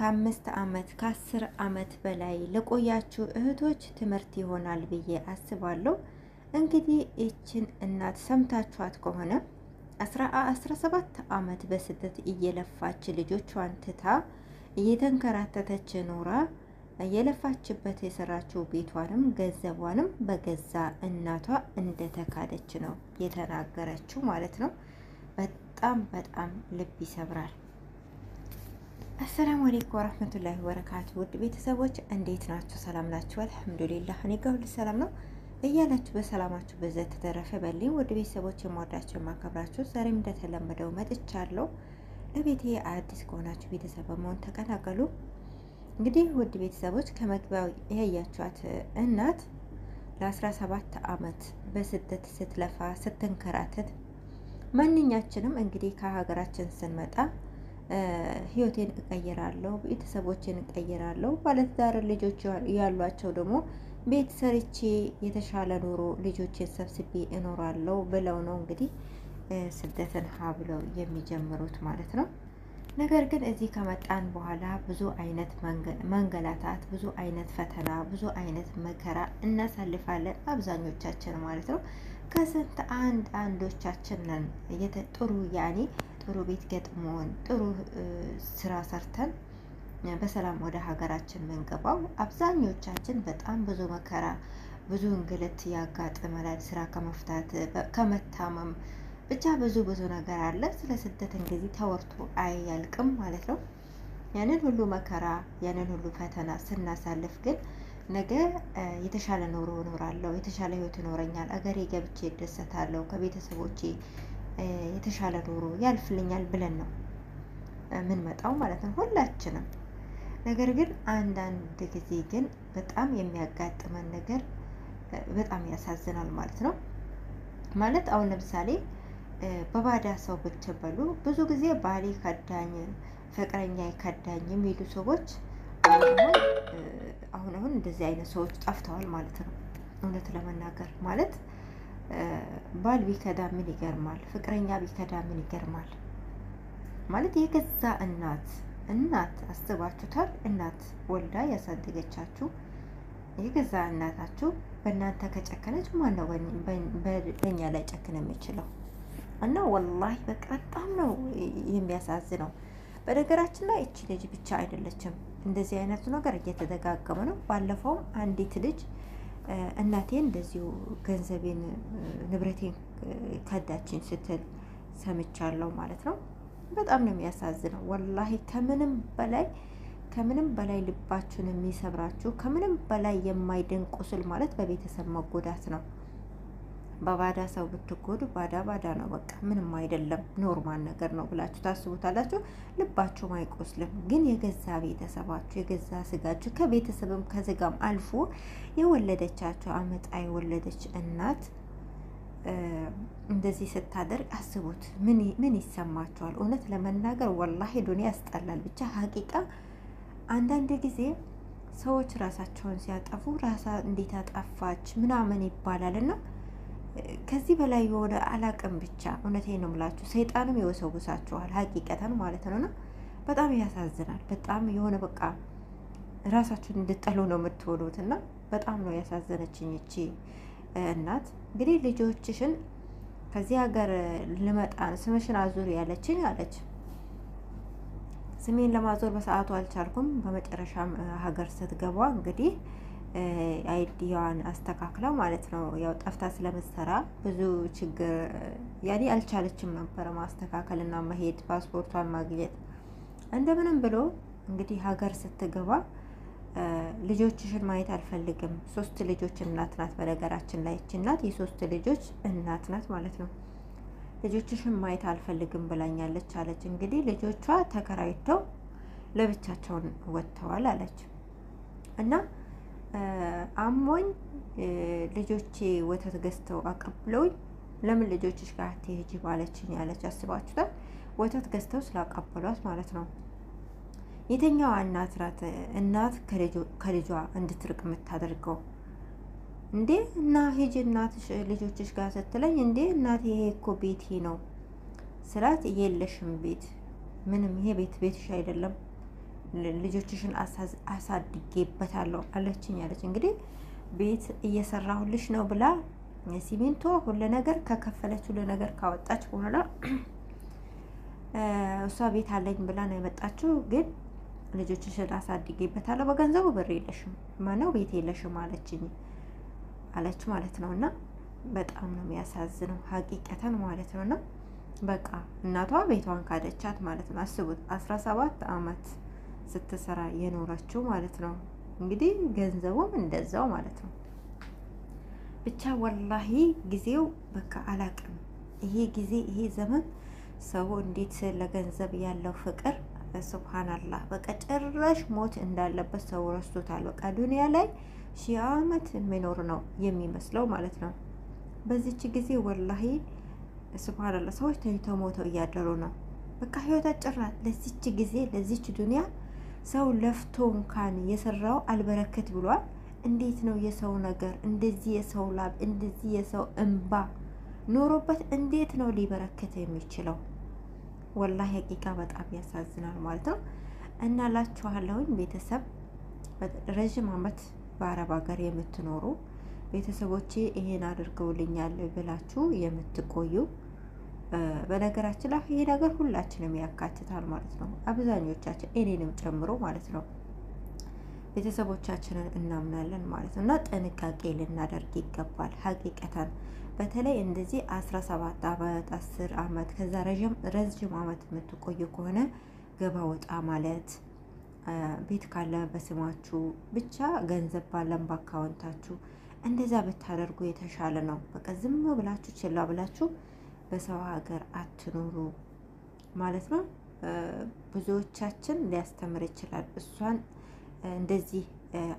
ከአምስት ዓመት ከአስር ዓመት በላይ ለቆያችሁ እህቶች ትምህርት ይሆናል ብዬ አስባለሁ። እንግዲህ ይችን እናት ሰምታችኋት ከሆነ አስራ ሰባት ዓመት በስደት እየለፋች ልጆቿን ትታ እየተንከራተተች ኖራ የለፋችበት የሰራችው ቤቷንም ገንዘቧንም በገዛ እናቷ እንደተካደች ነው የተናገረችው ማለት ነው። በጣም በጣም ልብ ይሰብራል። አሰላሙ አሌይኩም ወረህመቱላሂ ወበረካቱ ውድ ቤተሰቦች እንዴት ናችሁ? ሰላም ናችሁ? አልሐምዱሊላህ እኔ ጋር ሁሉ ሰላም ነው እያላችሁ በሰላማችሁ ብዘት ተተረፈ በልኝ። ውድ ቤተሰቦች የምወዳችሁ የማከብራችሁ፣ ዛሬም እንደተለመደው መጥቻለሁ። ለቤቴ አዲስ ከሆናችሁ ቤተሰብ በመሆን ተቀላቀሉ። እንግዲህ ውድ ቤተሰቦች ከመግቢያው ያያችኋት እናት ለ17 ዓመት በስደት ስትለፋ ስትንከራተት ማንኛችንም እንግዲህ ከሀገራችን ስንመጣ ህይወቴን እቀይራለሁ፣ ቤተሰቦቼን እቀይራለሁ። ባለትዳር ልጆች ያሏቸው ደግሞ ቤት ሰርቼ የተሻለ ኑሮ ልጆቼን ሰብስቤ እኖራለሁ ብለው ነው እንግዲህ ስደትን ሀ ብለው የሚጀምሩት ማለት ነው። ነገር ግን እዚህ ከመጣን በኋላ ብዙ አይነት መንገላታት፣ ብዙ አይነት ፈተና፣ ብዙ አይነት መከራ እናሳልፋለን አብዛኞቻችን ማለት ነው። ከስንት አንድ አንዶቻችን ነን ጥሩ ያኔ ጥሩ ቤት ገጥሞን ጥሩ ስራ ሰርተን በሰላም ወደ ሀገራችን ምንገባው። አብዛኞቻችን በጣም ብዙ መከራ፣ ብዙ እንግልት ያጋጥመናል። ስራ ከመፍታት ከመታመም፣ ብቻ ብዙ ብዙ ነገር አለ። ስለ ስደት እንግዲህ ተወርቶ አያልቅም ማለት ነው። ያንን ሁሉ መከራ ያንን ሁሉ ፈተና ስናሳልፍ ግን ነገ የተሻለ ኑሮ እኖራለሁ፣ የተሻለ ህይወት ይኖረኛል፣ አገሬ ገብቼ እደሰታለሁ፣ ከቤተሰቦቼ የተሻለ ኑሮ ያልፍልኛል ብለን ነው የምንመጣው ማለት ነው ሁላችንም። ነገር ግን አንዳንድ ጊዜ ግን በጣም የሚያጋጥመን ነገር በጣም ያሳዝናል ማለት ነው። ማለት አሁን ለምሳሌ በባዳ ሰው ብትበሉ ብዙ ጊዜ ባሌ ከዳኝ፣ ፍቅረኛ ከዳኝ የሚሉ ሰዎች አሁን አሁን እንደዚህ አይነት ሰዎች ጠፍተዋል ማለት ነው። እውነት ለመናገር ማለት ባል ቢከዳ ምን ይገርማል? ፍቅረኛ ቢከዳ ምን ይገርማል? ማለት የገዛ እናት እናት አስባችሁታል? እናት ወልዳ ያሳደገቻችሁ የገዛ እናታችሁ በእናንተ ከጨከነች ማነው ነው በእኛ ላይ ጨክን የሚችለው? እና ወላሂ በቃ በጣም ነው የሚያሳዝነው። በነገራችን ላይ እቺ ልጅ ብቻ አይደለችም፣ እንደዚህ አይነቱ ነገር እየተደጋገመ ነው። ባለፈውም አንዲት ልጅ እናቴ እንደዚሁ ገንዘቤን ንብረቴን ከዳችን ስትል ሰምቻለሁ ማለት ነው። በጣም ነው የሚያሳዝነው። ወላሂ ከምንም በላይ ከምንም በላይ ልባችሁን የሚሰብራችሁ ከምንም በላይ የማይድን ቁስል ማለት በቤተሰብ መጎዳት ነው። በባዳ ሰው ብትጎዱ ባዳ ባዳ ነው፣ በቃ ምንም አይደለም፣ ኖርማል ነገር ነው ብላችሁ ታስቡታላችሁ። ልባችሁም አይቆስልም። ግን የገዛ ቤተሰባችሁ የገዛ ስጋችሁ ከቤተሰብም ከስጋም አልፎ የወለደቻቸው አመጣ የወለደች እናት እንደዚህ ስታደርግ አስቡት፣ ምን ይሰማችኋል? እውነት ለመናገር ወላሂ ዱንያ ያስጠላል። ብቻ ሀቂቃ አንዳንድ ጊዜ ሰዎች ራሳቸውን ሲያጠፉ ራሳ እንዴት አጠፋች ምናምን ይባላል እና ከዚህ በላይ የሆነ አላቅም። ብቻ እውነቴ ነው የምላችሁ፣ ሰይጣንም የወሰውሳችኋል ሀቂቀተን ማለት ነው። እና በጣም ያሳዝናል። በጣም የሆነ በቃ ራሳችሁን እንድጠሉ ነው የምትሆኑት። እና በጣም ነው ያሳዘነችኝ እቺ እናት። እንግዲህ ልጆችሽን ከዚህ ሀገር ልመጣ ስምሽን አዙር ያለችኝ አለች። ስሜን ለማዞር በሰዓቱ አልቻልኩም። በመጨረሻም ሀገር ስትገባ እንግዲህ አይዲያዋን አስተካክለው ማለት ነው። ያው ጠፍታ ስለምትሰራ ብዙ ችግር ያኔ አልቻለችም ነበረ ማስተካከል እና መሄድ ፓስፖርቷን ማግኘት። እንደምንም ብሎ እንግዲህ ሀገር ስትገባ ልጆችሽን ማየት አልፈልግም። ሶስት ልጆች እናት ናት። በነገራችን ላይ ይች እናት የሶስት ልጆች እናት ናት ማለት ነው። ልጆችሽን ማየት አልፈልግም ብላኛለች አለች። እንግዲህ ልጆቿ ተከራይተው ለብቻቸውን ወጥተዋል አለች እና አሞኝ ልጆቼ ወተት ገዝተው አቀብለውኝ ለምን ልጆችሽ ጋር ትሄጂ ባለችኝ ያለች አስባችሁታል። ወተት ገዝተው ስላቀበሏት ማለት ነው። የተኛዋ እናት ናት እናት ከልጇ እንድትርቅ የምታደርገው እንዴ እና ሂጂ እናትሽ ልጆችሽ ጋር ስትለኝ፣ እንዴ እናት ይሄ እኮ ቤቴ ነው ስላት፣ የለሽም ቤት ምንም ይሄ ቤት ቤትሽ አይደለም ልጆችሽን አሳድጌበታለሁ አለችኝ አለች። እንግዲህ ቤት እየሰራሁልሽ ነው ብላ ሲሚንቶ ሁሉ ነገር ከከፈለች ሁሉ ነገር ካወጣች በኋላ እሷ ቤት አለኝ ብላ ነው የመጣችው። ግን ልጆችሽን አሳድጌበታለሁ በገንዘቡ ብር የለሽም ማነው ቤት የለሽም አለችኝ አለች ማለት ነው። እና በጣም ነው የሚያሳዝነው ሀቂቀተን ማለት ነው። እና በቃ እናቷ ቤቷን ካደቻት ማለት ነው። አስቡት አስራ ሰባት አመት ስትሰራ የኖረችው ማለት ነው። እንግዲህ ገንዘቡም እንደዛው ማለት ነው። ብቻ ወላሂ ጊዜው በቃ አላቅም። ይሄ ጊዜ ይሄ ዘመን ሰው እንዴት ለገንዘብ ያለው ፍቅር ሱብሃናላህ በቃ ጭራሽ ሞት እንዳለበት ሰው ረስቶታል። በቃ ዱንያ ላይ ሺህ ዓመት የሚኖር ነው የሚመስለው ማለት ነው። በዚች ጊዜ ወላሂ ሱብሃናላህ ሰዎች ተኝተው ሞተው እያደሩ ነው። በቃ ህይወት አጭር ናት። ለዚች ጊዜ ለዚች ዱንያ ሰው ለፍቶ እንኳን የሰራው አልበረከት ብሏል። እንዴት ነው የሰው ነገር እንደዚህ የሰው ላብ እንደዚህ የሰው እንባ ኖሮበት እንዴት ነው ሊበረከት የሚችለው? ወላሂ ሀቂቃ በጣም ያሳዝናል ማለት ነው። እና ላችኋለሁኝ ቤተሰብ ረዥም ዓመት በአረብ ሀገር የምትኖሩ ቤተሰቦቼ ይሄን አድርገውልኛል ብላችሁ የምትቆዩ በነገራችን ላይ ይሄ ነገር ሁላችንም ያካትታል ማለት ነው። አብዛኞቻችን እኔንም ጨምሮ ማለት ነው ቤተሰቦቻችንን እናምናለን ማለት ነው። እና ጥንቃቄ ልናደርግ ይገባል። ሀቂቀታን በተለይ እንደዚህ 17 አመት 10 ዓመት ከዛ ረዥም ዓመት የምትቆዩ ከሆነ ገባ ወጣ ማለት ቤት ካለ በስማችሁ ብቻ ገንዘብ ባለን በአካውንታችሁ እንደዛ ብታደርጉ የተሻለ ነው። በቃ ዝም ብላችሁ ችላ ብላችሁ በሰው ሀገር አትኑሩ ማለት ነው። ብዙዎቻችን ሊያስተምር ይችላል። እሷን እንደዚህ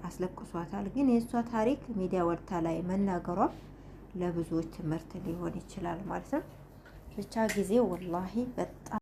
አስለቅሷታል። ግን የእሷ ታሪክ ሚዲያ ወልታ ላይ መናገሯ ለብዙዎች ትምህርት ሊሆን ይችላል ማለት ነው። ብቻ ጊዜ ወላሂ በጣም